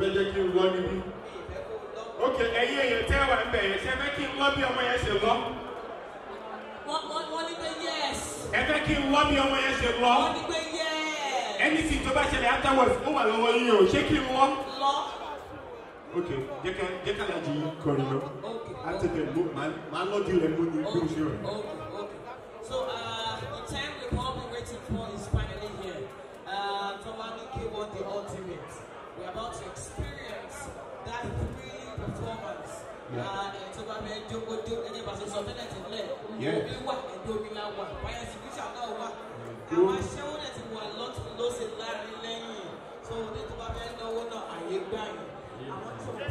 fẹ́ jẹ́ kí n lọ níbí. ok ẹ̀yin èèyàn tẹ́ wà ń bẹ̀ yẹn ṣe fẹ́ kí n lọ bí ọmọ yẹn ṣe lọ. wọ́n ní pé yes. ẹ fẹ́ kí n lọ bí ọmọ yẹn ṣe lọ. wọ́n ní pé yes. ẹni tí tó bá ṣẹlẹ̀ afterwards ó wà lọ́wọ́ yín o ṣé kí n lọ. lọ. ok jẹ́ ká lajì yín kọrin lọ. ok ok àti bẹ̀ mọ́ màá lọ́ọ́ rẹ̀ mú ni bí o ṣe rẹ̀. ok ok so. Uh, performance ah, tó bá bẹ jókòjó ẹjẹ bá ṣe sọ tẹ́lẹ̀ tẹ́lẹ̀ omi wà ẹgbẹ́ omi la wà wáyà sìkúṣà náà wà àwọn aṣẹ́wọ́n náà ti wà lọ́tún lọ́sẹ̀ láàrin lẹ́yìn tó ní tó bá bẹ náwó náà àyè gbà yìí àwọn tó.